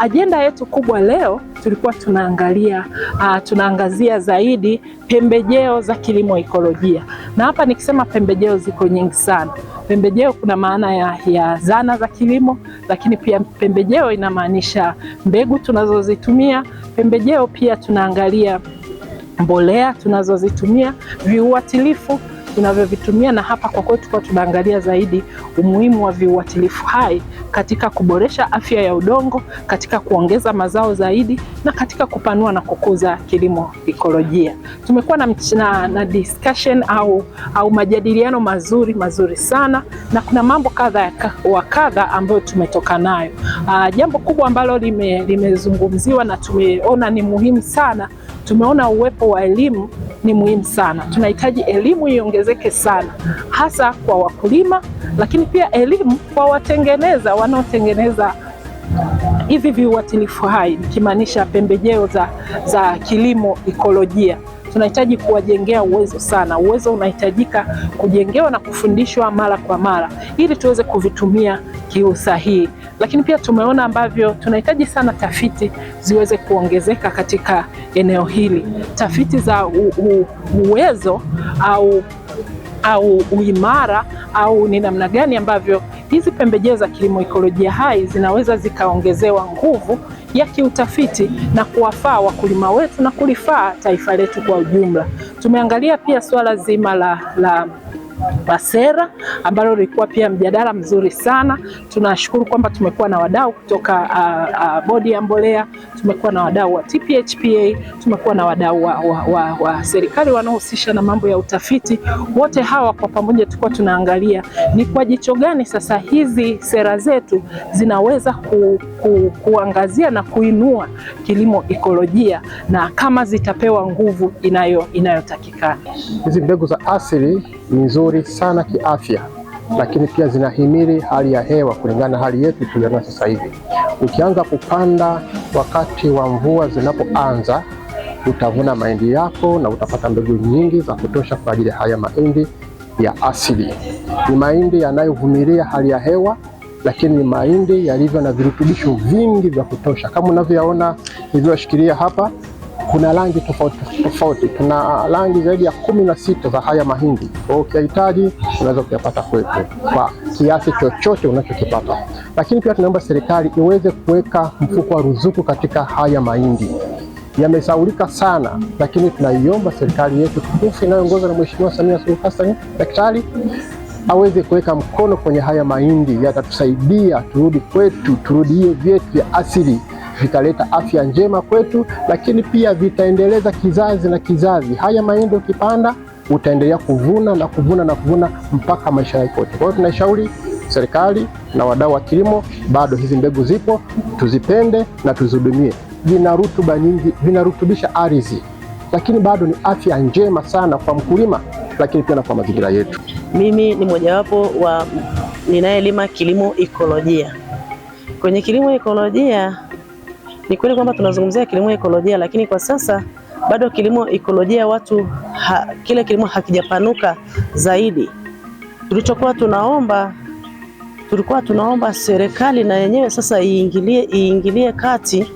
ajenda yetu kubwa leo tulikuwa tunaangalia uh, tunaangazia zaidi pembejeo za kilimo ikolojia, na hapa nikisema pembejeo ziko nyingi sana. Pembejeo kuna maana ya, ya zana za kilimo, lakini pia pembejeo inamaanisha mbegu tunazozitumia. Pembejeo pia tunaangalia mbolea tunazozitumia, viuatilifu tunavyovitumia, na hapa kwa kwetu kwa tunaangalia zaidi umuhimu wa viuatilifu hai katika kuboresha afya ya udongo, katika kuongeza mazao zaidi, na katika kupanua na kukuza kilimo ekolojia. Tumekuwa na, na, na discussion au, au majadiliano mazuri mazuri sana, na kuna mambo kadha wa kadha ambayo tumetoka nayo. Uh, jambo kubwa ambalo limezungumziwa lime na tumeona ni muhimu sana, tumeona uwepo wa elimu ni muhimu sana. Tunahitaji elimu iongezeke sana, hasa kwa wakulima, lakini pia elimu kwa watengeneza wanaotengeneza hivi viuatilifu hai, nikimaanisha pembejeo za, za kilimo ikolojia tunahitaji kuwajengea uwezo sana. Uwezo unahitajika kujengewa na kufundishwa mara kwa mara, ili tuweze kuvitumia kiusahihi lakini pia tumeona ambavyo tunahitaji sana tafiti ziweze kuongezeka katika eneo hili, tafiti za u, u, uwezo au au uimara au ni namna gani ambavyo hizi pembejeo za kilimo ikolojia hai zinaweza zikaongezewa nguvu ya kiutafiti na kuwafaa wakulima wetu na kulifaa taifa letu kwa ujumla. Tumeangalia pia suala zima la, la la sera ambalo lilikuwa pia mjadala mzuri sana. Tunashukuru kwamba tumekuwa na wadau kutoka uh, uh, bodi ya mbolea, tumekuwa na wadau wa TPHPA, tumekuwa na wadau wa, wa, wa, wa serikali wanaohusisha na mambo ya utafiti. Wote hawa kwa pamoja tulikuwa tunaangalia ni kwa jicho gani sasa hizi sera zetu zinaweza ku, ku, kuangazia na kuinua kilimo ekolojia, na kama zitapewa nguvu inayotakikana hizi mbegu za asili ni nzuri nzuri sana kiafya, lakini pia zinahimili hali ya hewa kulingana na hali yetu tuliyonayo sasa hivi. Ukianza kupanda wakati wa mvua zinapoanza, utavuna mahindi yako na utapata mbegu nyingi za kutosha kwa ajili ya haya mahindi ya asili. Ni mahindi yanayovumilia hali ya hewa lakini ni mahindi yalivyo na virutubisho vingi vya kutosha kama unavyoyaona nilivyoshikilia hapa kuna rangi tofauti tofauti, tuna rangi zaidi ya kumi na sita za haya mahindi. Kwa ukihitaji unaweza kuyapata kwetu kwa kiasi chochote unachokipata, lakini pia tunaomba serikali iweze kuweka mfuko wa ruzuku katika haya mahindi yamesaulika sana, lakini tunaiomba serikali yetu tukufu inayoongozwa na Mheshimiwa Samia Suluhu Hassan daktari aweze kuweka mkono kwenye haya mahindi, yatatusaidia turudi kwetu, turudie vyetu vya asili vitaleta afya njema kwetu, lakini pia vitaendeleza kizazi na kizazi. Haya mahindi ukipanda utaendelea kuvuna na kuvuna na kuvuna mpaka maisha yako yote. Kwa hiyo tunashauri serikali na wadau wa kilimo, bado hizi mbegu zipo, tuzipende na tuzihudumie. Vina rutuba nyingi, vinarutubisha ardhi, lakini bado ni afya njema sana kwa mkulima, lakini pia na kwa mazingira yetu. Mimi ni mojawapo wa ninayelima kilimo ikolojia. Kwenye kilimo ikolojia ni kweli kwamba tunazungumzia kilimo ekolojia, lakini kwa sasa bado kilimo ekolojia watu ha, kile kilimo hakijapanuka zaidi. Tulichokuwa tunaomba tulikuwa tunaomba serikali na yenyewe sasa iingilie, iingilie kati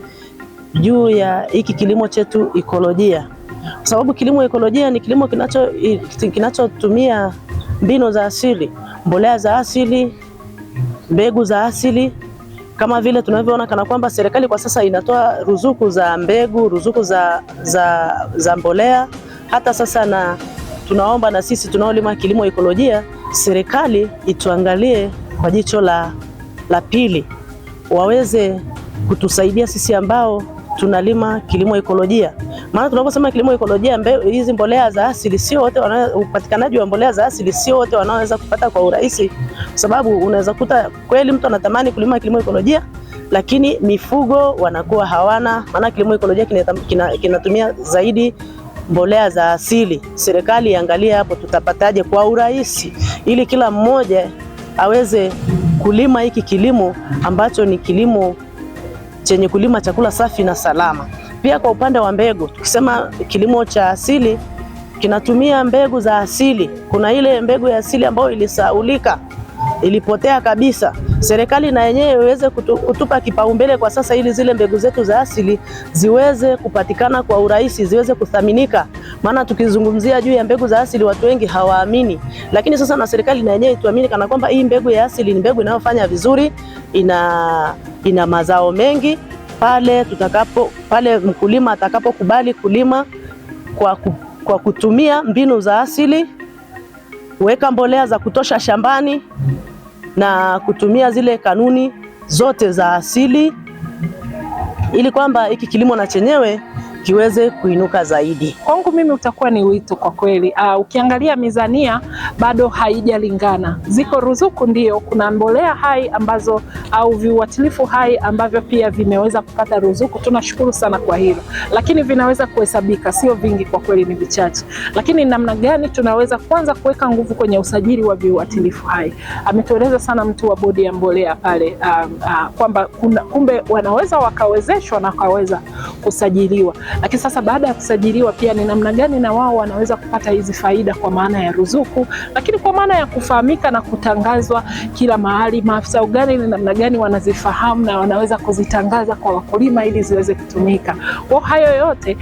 juu ya hiki kilimo chetu ekolojia, kwa sababu kilimo ekolojia ni kilimo kinacho kinachotumia mbinu za asili, mbolea za asili, mbegu za asili kama vile tunavyoona kana kwamba serikali kwa sasa inatoa ruzuku za mbegu, ruzuku za, za, za mbolea. Hata sasa na tunaomba na sisi tunaolima kilimo ekolojia, serikali ituangalie kwa jicho la, la pili, waweze kutusaidia sisi ambao tunalima kilimo ekolojia. Maana tunaposema kilimo ekolojia, hizi mbolea za asili sio wote upatikanaji wa mbolea za asili sio wote wanaweza kupata kwa urahisi, kwa sababu unaweza kuta kweli mtu anatamani kulima kilimo ekolojia lakini mifugo wanakuwa hawana, maana kilimo ekolojia kinatumia kina, kina zaidi mbolea za asili. Serikali iangalie hapo tutapataje kwa urahisi, ili kila mmoja aweze kulima hiki kilimo ambacho ni kilimo chenye kulima chakula safi na salama. Pia kwa upande wa mbegu, tukisema kilimo cha asili kinatumia mbegu za asili. Kuna ile mbegu ya asili ambayo ilisaulika, ilipotea kabisa. Serikali na yenyewe iweze kutu, kutupa kipaumbele kwa sasa, ili zile mbegu zetu za asili ziweze kupatikana kwa urahisi, ziweze kuthaminika. Maana tukizungumzia juu ya mbegu za asili watu wengi hawaamini, lakini sasa na serikali na yenyewe tuamini kana kwamba hii mbegu ya asili ni mbegu inayofanya vizuri, ina, ina mazao mengi pale tutakapo pale mkulima atakapokubali kulima kwa, ku, kwa kutumia mbinu za asili, kuweka mbolea za kutosha shambani na kutumia zile kanuni zote za asili, ili kwamba hiki kilimo na chenyewe kiweze kuinuka zaidi. Kwangu mimi utakuwa ni wito kwa kweli. Uh, ukiangalia mizania bado haijalingana. Ziko ruzuku ndio, kuna mbolea hai ambazo au viuatilifu hai ambavyo pia vimeweza kupata ruzuku, tunashukuru sana kwa hilo, lakini vinaweza kuhesabika, sio vingi kwa kweli, ni vichache. Lakini namna gani tunaweza kwanza kuweka nguvu kwenye usajili wa viuatilifu hai? Ametueleza sana mtu wa bodi ya mbolea pale uh, uh, kwamba kumbe wanaweza wakawezeshwa na wakaweza kusajiliwa lakini sasa baada ya kusajiliwa pia ni namna gani na wao wanaweza kupata hizi faida kwa maana ya ruzuku, lakini kwa maana ya kufahamika na kutangazwa kila mahali. Maafisa ugani ni namna gani wanazifahamu na wanaweza kuzitangaza kwa wakulima ili ziweze kutumika. Kwa hayo yote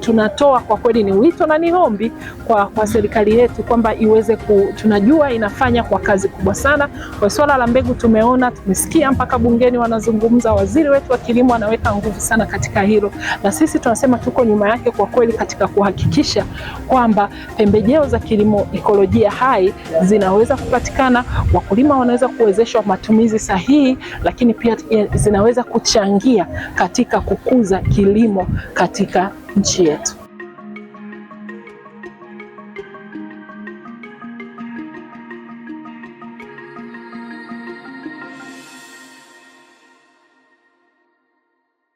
tunatoa kwa kweli ni wito na ni ombi kwa, kwa serikali yetu kwamba iweze ku, tunajua inafanya kwa kazi kubwa sana kwa swala la mbegu. Tumeona, tumesikia mpaka bungeni wanazungumza, waziri wetu wa kilimo anaweka nguvu sana katika hilo, na sisi tunasema tunasema tuko nyuma yake kwa kweli katika kuhakikisha kwamba pembejeo za kilimo ikolojia hai zinaweza kupatikana, wakulima wanaweza kuwezeshwa matumizi sahihi, lakini pia zinaweza kuchangia katika kukuza kilimo katika nchi yetu.